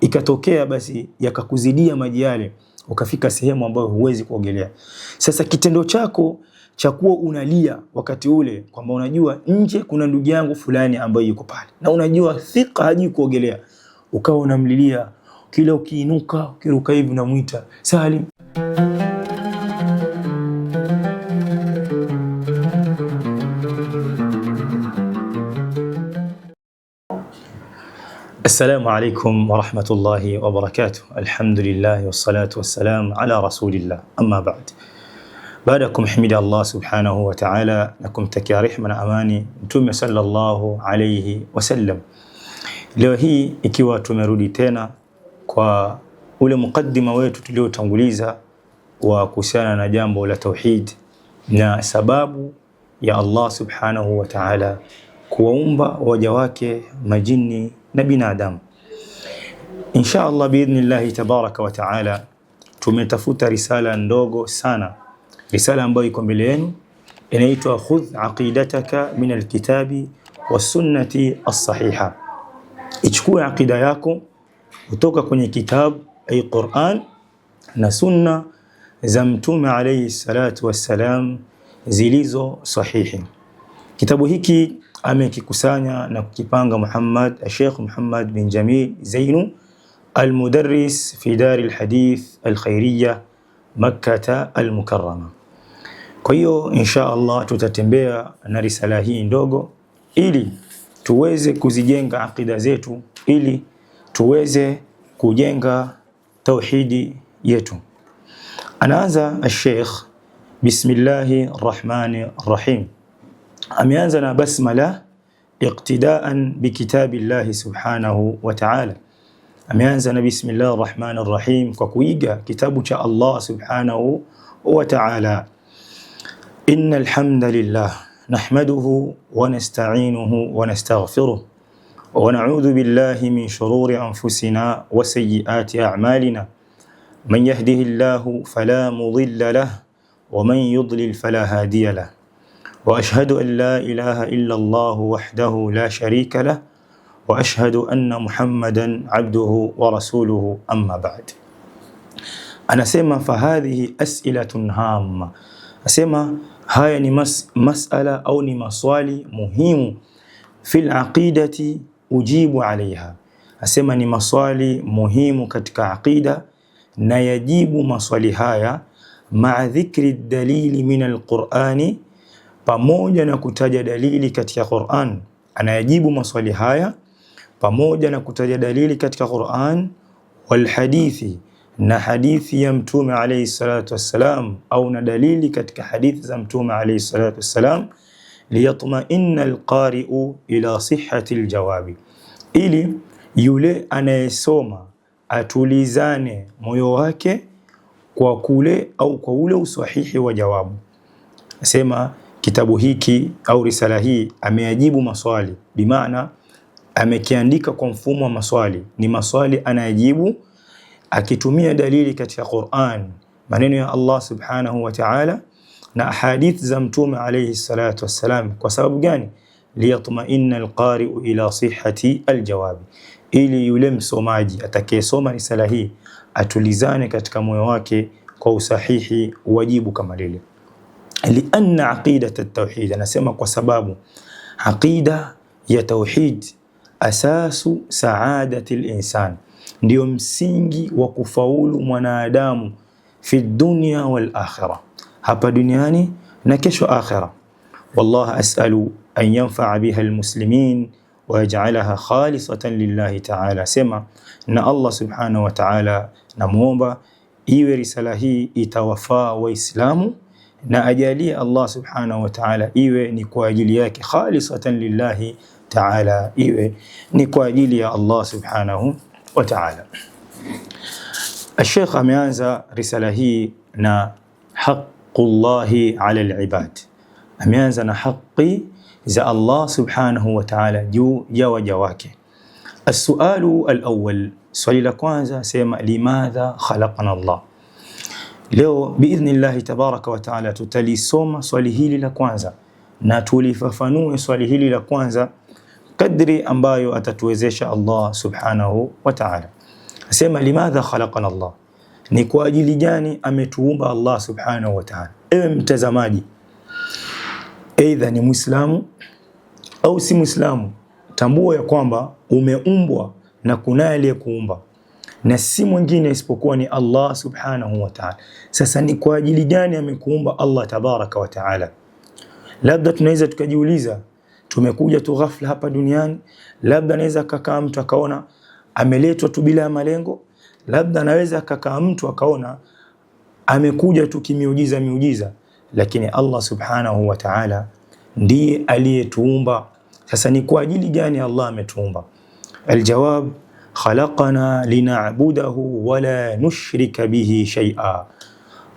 ikatokea basi yakakuzidia maji yale, ukafika sehemu ambayo huwezi kuogelea. Sasa kitendo chako cha kuwa unalia wakati ule kwamba unajua nje kuna ndugu yangu fulani ambaye yuko pale na unajua thika hajui kuogelea, ukawa unamlilia kila ukiinuka ukiruka hivi unamwita Salim. Assalamu alaikum warahmatullahi wabarakatuh. Alhamdulillahi wassalatu wassalamu ala rasulillah, amma ba'd. Baada ya kumhimidi Allah subhanahu wa ta'ala na kumtakia rehma na amani Mtume sallallahu alayhi wasallam, leo hii ikiwa tumerudi tena kwa ule mukaddima wetu tuliotanguliza wa kuhusiana na jambo la tauhid na sababu ya Allah subhanahu wa ta'ala kuwaumba waja wake majini na binadamu. Insha Allah biidhnillahi tabaraka wa taala, tumetafuta risala ndogo sana, risala ambayo iko mbele yenu inaitwa khudh aqidataka min alkitabi wassunnati alsahiha, ichukue aqida yako kutoka kwenye kitabu ay Quran na sunna za Mtume alayhi salatu wassalam zilizo sahihi. Kitabu hiki amekikusanya na kukipanga Muhammad Sheikh Muhammad bin Jamil Zainu Almudaris fi Dar lhadith Alkhairiya Makkata almukarama Kwa hiyo insha Allah tutatembea na risala hii ndogo ili tuweze kuzijenga aqida zetu, ili tuweze kujenga tauhidi yetu. Anaanza Sheikh, bismillahi rahmani rahim ameanza na basmala iqtidaan bikitabillahi subhanahu wa ta'ala. Ameanza na bismillahi rahmani rahim, kwa kuiga kitabu cha Allah subhanahu wa ta'ala. Innal hamdalillah nahmaduhu wa nasta'inuhu wa nastaghfiruh wa na'udhu billahi min shururi anfusina wa sayyiati a'malina man yahdihillahu fala mudilla lahu wa man yudlil fala hadiya lahu واشهد ان لا اله الا الله وحده لا شريك له واشهد ان محمدا عبده ورسوله اما بعد انا سيما فهذه اسئله هامه اسيما هاي مساله او مصوالي مهم في العقيده اجيب عليها اسيما مصوالي مهم كتك عقيده نيجيب مصوالي هاي مع ذكر الدليل من القران pamoja na kutaja dalili katika Qur'an, anayajibu maswali haya pamoja na kutaja dalili katika Qur'an wal hadithi, na hadithi ya Mtume alayhi salatu wassalam, au na dalili katika hadithi za Mtume alayhi salatu wassalam, liyatma'inna alqari'u ila sihhati aljawabi, ili yule anayesoma atulizane moyo wake kwa kule au kwa ule usahihi wa jawabu. Nasema kitabu hiki au risala hii ameyajibu maswali, bimaana amekiandika kwa mfumo wa maswali. Ni maswali anayajibu akitumia dalili katika Qur'an, maneno ya Allah subhanahu wa ta'ala na ahadith za Mtume alayhi salatu wassalam. Kwa sababu gani? liyatmaina alqari'u ila sihhati aljawabi, ili yule msomaji atakayesoma risala hii atulizane katika moyo wake kwa usahihi wajibu kama lile. lianna aqidata tauhid, anasema kwa sababu aqida ya tauhid asasu saadati linsan, ndio msingi wa kufaulu mwanadamu fi dunya wal akhira, hapa duniani na kesho akhira. Wallah asalu an yanfaa biha almuslimin wayajalaha khalisatan lillahi taala, sema na Allah subhanahu wa taala, namwomba iwe risala hii itawafaa Waislamu na ajalie Allah subhanahu wa ta'ala iwe ni kwa ajili yake, khalisatan lillahi ta'ala, iwe ni kwa ajili ya Allah subhanahu wa ta'ala. Sheikh ameanza risala hii na haqqullahi ala alibad, ameanza na haqi za Allah subhanahu wa ta'ala juu ya waja wake. As-sualu al-awwal, swali la kwanza sema limadha khalaqana Allah Leo biidhnillahi tabaraka wa taala tutalisoma swali hili la kwanza na tulifafanue swali hili la kwanza kadri ambayo atatuwezesha Allah subhanahu wa taala. Asema limadha khalaqana Allah, ni kwa ajili gani ametuumba Allah subhanahu wa taala. Ewe mtazamaji, aidha ni Muislamu au si Muislamu, tambua ya kwamba umeumbwa na kunaye aliyekuumba na si mwingine isipokuwa ni Allah subhanahu wa ta'ala. Sasa ni kwa ajili gani amekuumba Allah tabaraka wa taala? Labda tunaweza tukajiuliza, tumekuja tu ghafla hapa duniani, labda anaweza kakaa mtu akaona ameletwa tu bila ya malengo, labda anaweza kakaa mtu akaona amekuja tu kimiujiza miujiza, lakini Allah subhanahu wa ta'ala ndiye aliyetuumba. Sasa ni kwa ajili gani Allah ametuumba? Aljawab خلقنا لنعبده wala nushrika bihi shay'a.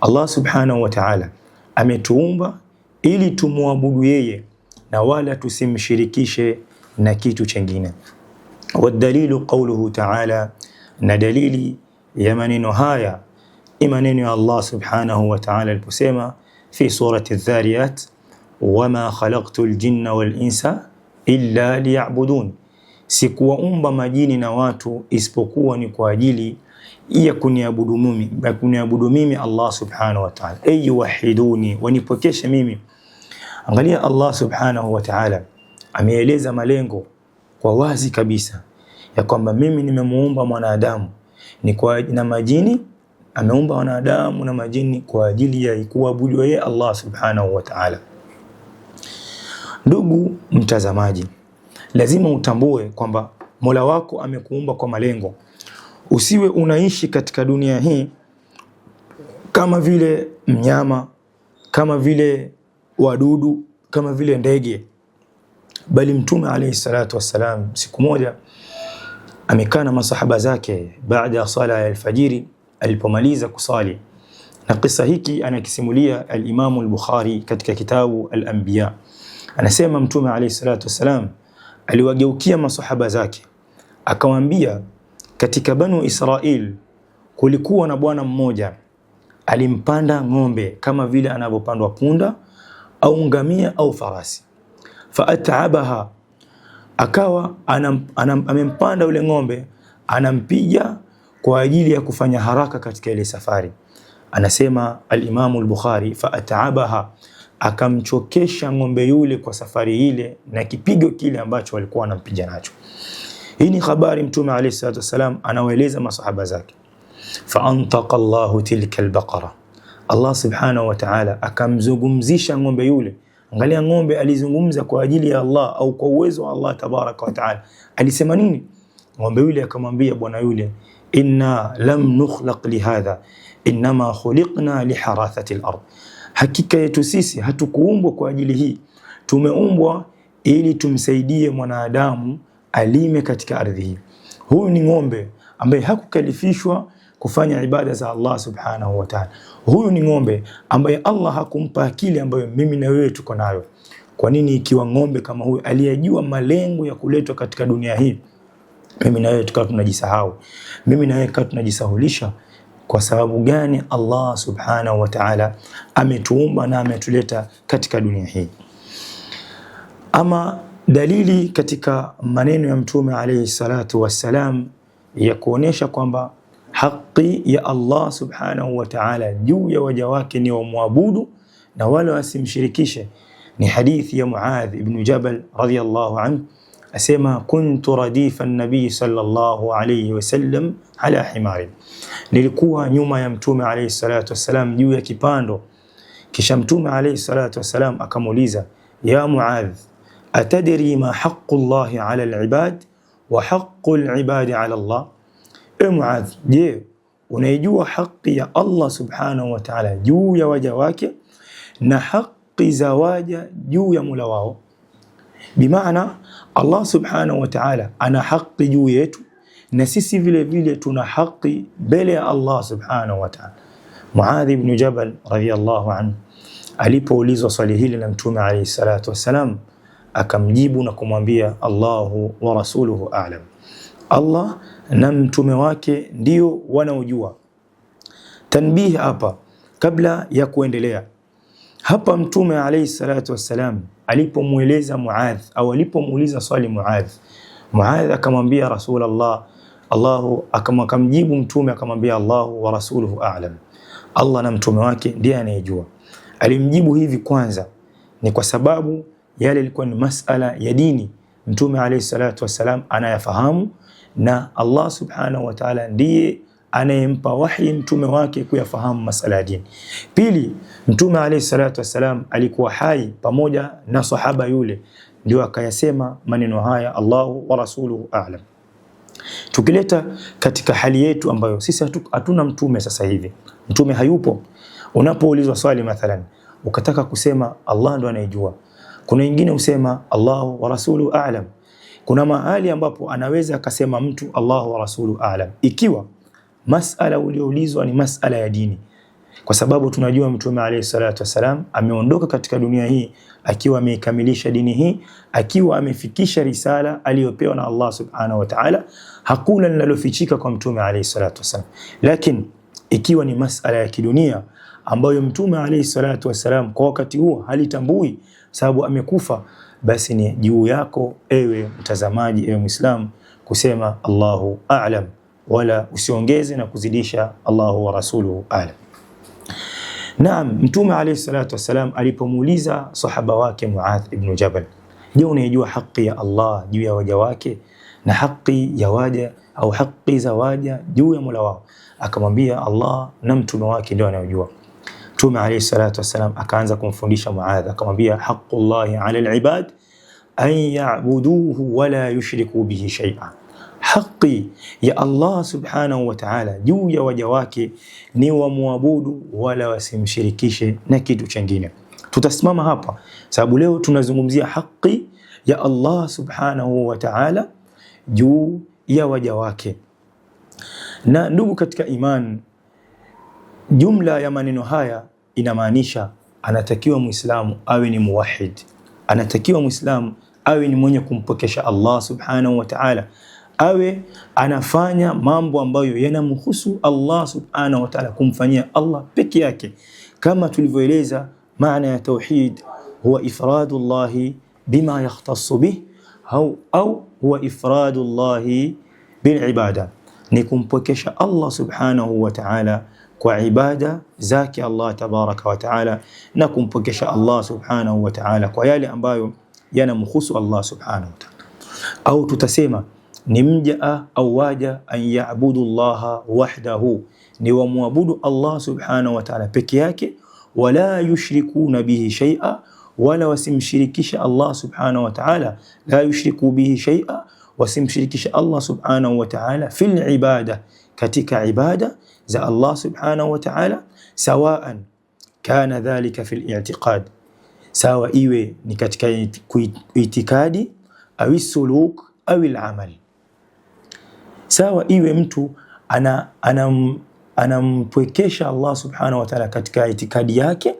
Allah subhanahu wa ta'ala ametuumba ili tumwabudu yeye na wala tusimshirikishe na kitu chengine. Wadalilu qauluhu ta'ala, na dalili ya maneno haya ni maneno ya Allah subhanahu wa ta'ala aliposema fi surati Dhariyat, wama khalaqtu ljinna wal insa illa liya'budun sikuwaumba majini na watu isipokuwa ni kwa ajili ya kuniabudu mimi, ya kuniabudu mimi Allah subhanahu wa ta'ala. ayu wahiduni, wanipokeshe mimi. Angalia Allah subhanahu wa ta'ala ameeleza malengo kwa wazi kabisa ya kwamba mimi nimemuumba mwanadamu ni kwa na majini, ameumba wanadamu na majini kwa ajili ya kuabudu yeye Allah subhanahu wa ta'ala. Ndugu mtazamaji lazima utambue kwamba Mola wako amekuumba kwa malengo. Usiwe unaishi katika dunia hii kama vile mnyama, kama vile wadudu, kama vile ndege. Bali Mtume alayhi salatu wassalam siku moja amekaa na masahaba zake baada ya sala ya alfajiri, alipomaliza kusali, na kisa hiki anakisimulia alimamu al-Bukhari katika kitabu al-Anbiya, anasema Mtume alayhi salatu wassalam aliwageukia masahaba zake akawaambia, katika Banu Israil kulikuwa na bwana mmoja alimpanda ng'ombe kama vile anavyopandwa punda au ngamia au farasi, Faatabaha, akawa anam, anam, amempanda yule ng'ombe anampiga kwa ajili ya kufanya haraka katika ile safari. Anasema alimamu al-Bukhari, faatabaha akamchokesha ng'ombe yule kwa safari ile na kipigo kile ambacho walikuwa wanampiga nacho. Hii ni habari Mtume alayhi salatu wasalam anawaeleza masahaba zake, fa antaqa Allahu tilka albaqara, Allah subhanahu wa ta'ala akamzungumzisha ng'ombe yule. Angalia, ng'ombe alizungumza kwa ajili ya Allah au kwa uwezo wa Allah tabaraka wa taala. Alisema nini? Ng'ombe yule akamwambia bwana yule, inna lam nukhlaq lihadha innama khuliqna liharathati al-ard Hakika yetu sisi hatukuumbwa kwa ajili hii, tumeumbwa ili tumsaidie mwanadamu alime katika ardhi hii. Huyu ni ng'ombe ambaye hakukalifishwa kufanya ibada za Allah subhanahu wa ta'ala. Huyu ni ng'ombe ambaye Allah hakumpa akili ambayo mimi na wewe tuko nayo. Kwa nini? Ikiwa ng'ombe kama huyu aliyejua malengo ya kuletwa katika dunia hii, mimi na wewe tukawa tunajisahau, mimi na wewe tukawa tunajisahulisha. Kwa sababu gani Allah subhanahu wa ta'ala ametuumba na ametuleta katika dunia hii? Ama dalili katika maneno ya Mtume alayhi salatu wassalam ya kuonesha kwamba haki ya Allah subhanahu wa ta'ala juu ya waja wake ni wamwabudu na wala wasimshirikishe ni hadithi ya Muadh ibn Jabal radhiyallahu anhu, asema kuntu radifa nabii sallallahu alayhi wasallam ala himari, lilikuwa nyuma ya Mtume alayhi salatu wasalam juu ya kipando. Kisha Mtume alayhi salatu wasalam akamuuliza, ya Muadh, atadri ma haqqu llahi ala alibad wa haqqu alibadi ala llah, e Muadh, je unaijua haki ya Allah subhanahu wa ta'ala juu ya waja wake na haki za waja juu ya Mola wao. Bimaana Allah subhanahu wa ta'ala ana haki juu yetu na sisi vile vile tuna haki mbele ya Allah subhanahu wa ta'ala. Muadhi ibn Jabal radhiyallahu anhu alipoulizwa swali hili na Mtume alayhi salatu wassalam, akamjibu na kumwambia Allahu wa rasuluhu a'lam, Allah na mtume wake ndio wanaojua. tanbihi hapa kabla ya kuendelea hapa, Mtume alayhi salatu wassalam alipomweleza Muadh au alipomuuliza swali Muadh, Muadh akamwambia Rasulullah Allahu akamjibu mtume akamwambia, Allahu wa rasuluhu a'lam, Allah na mtume wake ndiye anayejua. Alimjibu hivi kwanza ni kwa sababu yale ilikuwa ni masala ya dini, mtume alayhi salatu wasalam anayafahamu, na Allah subhanahu wa ta'ala ndiye anayempa wahi mtume wake kuyafahamu masala ya dini. Pili, mtume alayhi salatu wasalam alikuwa hai pamoja na sahaba yule, ndio akayasema maneno haya, Allahu wa rasuluhu a'lam. Tukileta katika hali yetu ambayo sisi hatuna mtume sasa hivi, mtume hayupo. Unapoulizwa swali mathalan, ukataka kusema Allah ndo anayejua, kuna nyingine usema Allahu wa rasulu alam Kuna mahali ambapo anaweza akasema mtu Allahu wa rasulu alam ikiwa masala ulioulizwa ni masala ya dini kwa sababu tunajua Mtume alayhi salatu wasalam ameondoka katika dunia hii akiwa ameikamilisha dini hii, akiwa amefikisha risala aliyopewa na Allah subhanahu wa ta'ala. Hakuna linalofichika kwa Mtume alayhi salatu wasalam, lakini ikiwa ni masala ya kidunia ambayo Mtume alayhi salatu wasalam kwa wakati huo halitambui, sababu amekufa, basi ni juu yako ewe mtazamaji, ewe Muislam, kusema Allahu a'lam, wala usiongeze na kuzidisha Allahu wa rasuluhu a'lam. Naam, Mtume alayhi salatu wassalam alipomuuliza sahaba wake Muadh ibn Jabal, je, unayejua haki ya Allah juu ya waja wake na haki ya waja au haki za waja juu ya Mola wao? Akamwambia, Allah na mtume wake ndio anayojua. Mtume alayhi salatu wassalam akaanza kumfundisha Muadh, akamwambia, haqqullahi ala alibad an ya'buduhu wala yushriku bihi shay'a haki ya Allah subhanahu wa ta'ala juu ya waja wake ni wamwabudu wala wasimshirikishe na kitu chengine. Tutasimama hapa sababu leo tunazungumzia haki ya Allah subhanahu wa ta'ala juu ya waja wake. Na ndugu katika iman jumla ya maneno haya inamaanisha anatakiwa Muislamu awe ni muwahid, anatakiwa Muislamu awe ni mwenye kumpokesha Allah subhanahu wa ta'ala awe anafanya mambo ambayo yanamhusu Allah subhanahu wa ta'ala, kumfanyia Allah peke yake, kama tulivyoeleza maana ya tauhid huwa ifradu llahi bima yakhtasu bih au, au huwa ifradu llahi bil ibada, ni kumpwekesha Allah subhanahu wa ta'ala kwa ibada zake Allah tabaraka wa ta'ala, na kumpwekesha Allah subhanahu wa ta'ala kwa yale ambayo yanamhusu Allah subhanahu wa ta'ala, au tutasema نمجأ أو واجا أن يعبد الله وحده نوامعبد الله سبحانه وتعالى بكياك ولا يشركون به شيئا ولا وسم شركش الله سبحانه وتعالى لا يشركوا به شيئا وسم شركش الله سبحانه وتعالى في العبادة كتك عبادة زى الله سبحانه وتعالى سواء كان ذلك في الاعتقاد سواء إيوه نكتك اعتقادي أو السلوك أو العمل sawa iwe mtu ana, anam, anampwekesha Allah subhanahu wa ta'ala katika itikadi yake,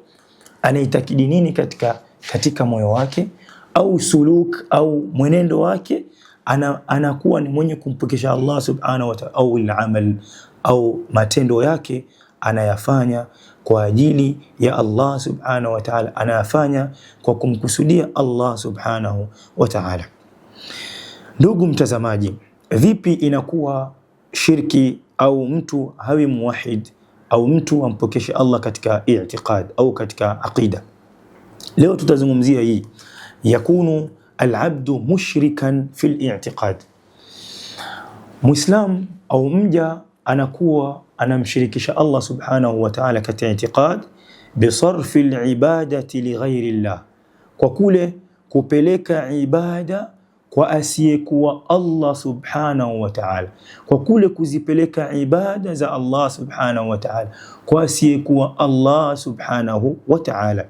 anaitakidi nini katika, katika moyo wake au suluk au mwenendo wake, anakuwa ana ni mwenye kumpwekesha Allah subhanahu wa ta'ala, au al-amal au matendo yake anayafanya kwa ajili ya Allah subhanahu wa ta'ala, anayafanya kwa kumkusudia Allah subhanahu wa ta'ala. Ndugu mtazamaji Vipi inakuwa shirki au mtu hawi muwahid au mtu ampokeshe Allah katika i'tiqad au katika aqida? Leo tutazungumzia hii, yakunu alabdu mushrikan fil i'tiqad, muislam au mja anakuwa anamshirikisha Allah subhanahu wa ta'ala katika i'tiqad, bisarfi alibadati lighairi llah, kwa kule kupeleka ibada kwa asiyekuwa Allah subhanahu wa ta'ala, kwa kule kuzipeleka ibada za Allah subhanahu wa ta'ala kwa asiyekuwa Allah subhanahu wa ta'ala,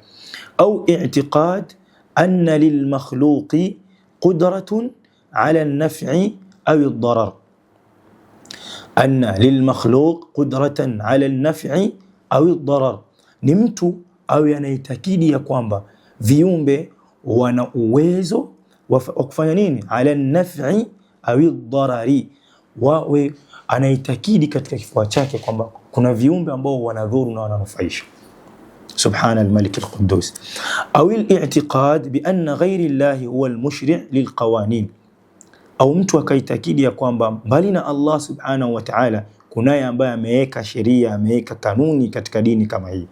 au i'tiqad anna lilmakhluqi qudratun ala nafi au ad-darar, anna lilmakhluq qudratan ala nafi au ad-darar, ni mtu au yanaitakidi ya kwamba viumbe wana uwezo wa kufanya nini, ala nafi au dharari, wawe anaitakidi katika kifua chake kwamba kuna viumbe ambao wanadhuru na wananufaisha. Subhana al-Malik Au litiqad itiqad bi anna ghayri Allah huwa al lilqawanin, au mtu akaitakidi ya kwamba mbali na Allah subhanahu wa ta'ala kunaye ambaye ameweka sheria ameweka kanuni katika dini kama hii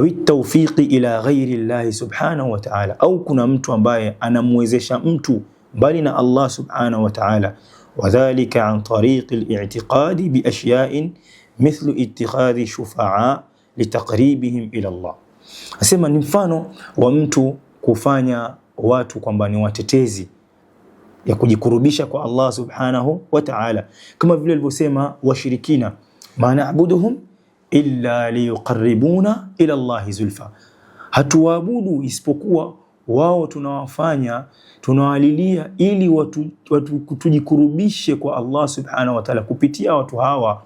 au tawfiqi ila ghairi llahi subhanahu wa ta'ala, au kuna mtu ambaye anamwezesha mtu mbali na Allah subhanahu wa ta'ala. Wadhalika an tariqi litiqadi itiqadi mithlu ittikhadhi shufaa litaqribihim ila Allah. Asema ni mfano wa mtu kufanya watu kwamba ni watetezi ya kujikurubisha kwa Allah subhanahu wa ta'ala, kama vile alivyosema washirikina manaabuduhum illa liyuqaribuna ila Allahi zulfa, hatuwaabudu isipokuwa wao tunawafanya tunawalilia ili watu, watu tujikurubishe kwa Allah subhanahu wa ta'ala kupitia watu hawa,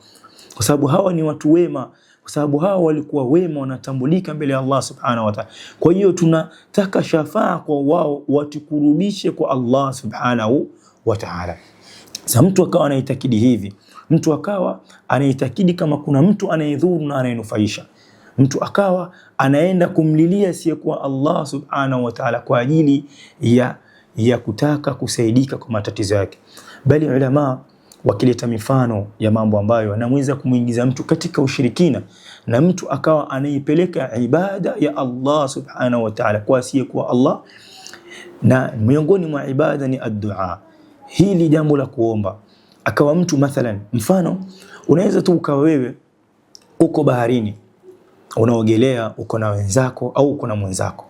kwa sababu hawa ni watu wema, kwa sababu hawa walikuwa wema, wanatambulika mbele ya Allah subhanahu wa ta'ala. Kwa hiyo tunataka shafaa kwa wao watukurubishe kwa Allah subhanahu wa ta'ala. Sasa mtu akawa anaitakidi hivi mtu akawa anaitakidi kama kuna mtu anayedhuru na anayenufaisha, mtu akawa anaenda kumlilia asiyekuwa Allah subhanahu wa ta'ala kwa ajili ya, ya kutaka kusaidika kwa matatizo yake, bali ulama wakileta mifano ya mambo ambayo anaweza kumwingiza mtu katika ushirikina na mtu akawa anaipeleka ibada ya Allah subhanahu wa ta'ala kwa asiyekuwa Allah, na miongoni mwa ibada ni addua, hili jambo la kuomba akawa mtu mathalan, mfano unaweza tu ukawa wewe uko baharini unaogelea, uko na wenzako au uko na mwenzako,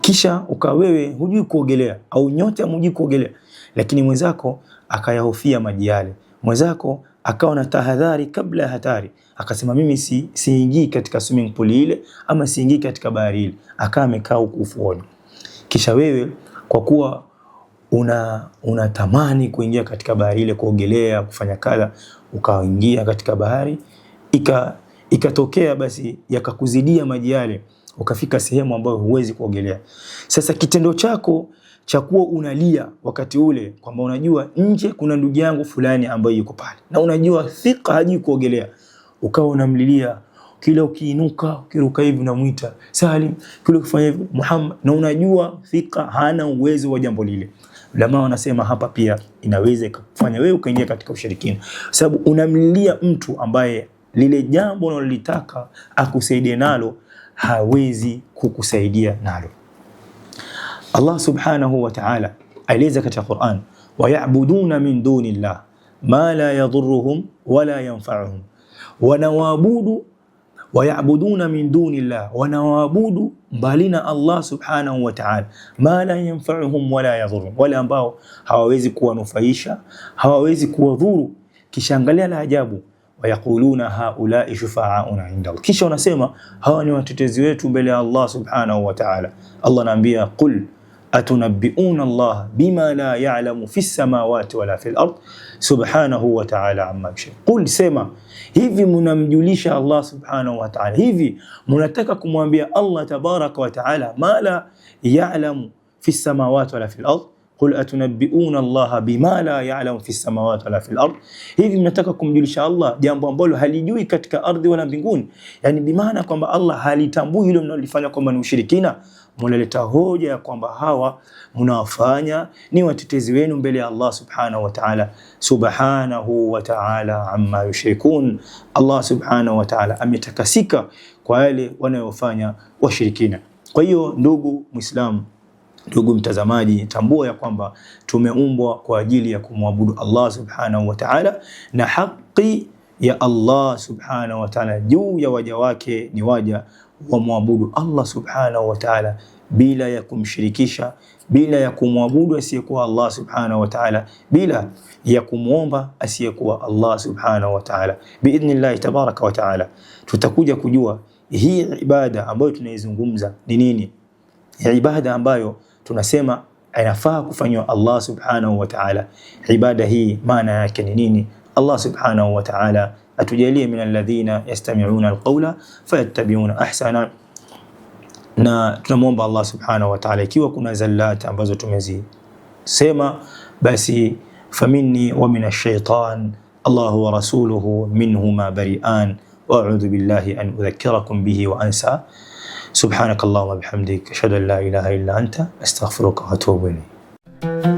kisha ukawa wewe hujui kuogelea au nyote hamjui kuogelea, lakini mwenzako akayahofia maji yale, mwenzako akawa na tahadhari kabla ya hatari, akasema mimi si, siingii katika swimming pool ile ama siingii katika bahari ile, akaa amekaa huko ufuoni. Kisha wewe kwa kuwa una unatamani kuingia katika bahari ile, kuogelea, kufanya kadha, ukaingia katika bahari ika ikatokea basi yakakuzidia maji yale, ukafika sehemu ambayo huwezi kuogelea. Sasa kitendo chako cha kuwa unalia wakati ule kwamba unajua nje kuna ndugu yangu fulani ambaye yuko pale, na unajua thika hajui kuogelea, ukawa unamlilia kila ukiinuka, ukiruka hivi unamwita Salim, kila ukifanya hivi Muhammad, na unajua thika hana uwezo wa jambo lile. Ulama wanasema hapa pia inaweza ikakufanya wewe ukaingia katika ushirikina, sababu unamlilia mtu ambaye lile jambo unalolitaka akusaidie nalo hawezi kukusaidia nalo. Allah subhanahu wa ta'ala aeleza katika Qur'an, wayabuduna min duni llah ma la yadhuruhum wala yanfa'uhum, wanawaabudu wayabuduna min duni llah, wanaoabudu mbali na Allah subhanahu wa ta'ala, ma la yanfa'uhum wala yadhurruhum, wale ambao hawawezi kuwanufaisha hawawezi kuwadhuru. Kisha angalia la ajabu, wayaquluna haulai shufa'auna inda Allah, kisha wanasema hawa ni watetezi wetu mbele ya Allah subhanahu wa ta'ala. Allah anaambia qul أتنبئون الله بما لا يعلم في السماوات ولا في الأرض سبحانه وتعالى عما يشاء قل سيما هذي من الله سبحانه وتعالى هذي من الله تبارك وتعالى ما لا يعلم في السماوات ولا في الأرض قل أتنبئون الله بما لا يعلم في السماوات ولا في الأرض هذي من تككم يقول الله ديان بامبولو هل يجوي كتك أرض ولا بنقون يعني بمعنى الله هل يتنبوه لهم نولي فلقم من mnaleta hoja ya kwamba hawa mnawafanya ni watetezi wenu mbele ya Allah subhanahu wa ta'ala. Subhanahu wa ta'ala amma yushrikun, Allah subhanahu wa ta'ala ametakasika kwa yale wanayofanya washirikina. Kwa hiyo ndugu Muislamu, ndugu mtazamaji, tambua ya kwamba tumeumbwa kwa ajili ya kumwabudu Allah subhanahu wa ta'ala na haki ya Allah subhanahu wa ta'ala juu ya waja wake ni waja wamwabudu Allah subhanahu wa ta'ala bila ya kumshirikisha, bila ya kumwabudu asiyekuwa Allah subhanahu wa ta'ala, bila ya kumwomba asiyekuwa Allah subhanahu wa ta'ala. Biidhnillahi tabaraka wa ta'ala, tutakuja kujua hii ibada ambayo tunaizungumza ni nini, ibada ambayo tunasema inafaa kufanywa Allah subhanahu wa ta'ala. Ibada hii maana yake ni nini? Allah subhanahu wa ta'ala atujalie min alladhina yastami'una alqawla fayattabi'una ahsana. Na tunamwomba Allah subhanahu wa ta'ala, ikiwa kuna zallat ambazo tumezisema basi famini wa min ash-shaytan Allah wa rasuluhu minhuma bari'an wa a'udhu billahi an udhakkirakum bihi wa ansa subhanakallahumma bihamdik ashhadu an la ilaha illa anta astaghfiruka wa atubu ilayk.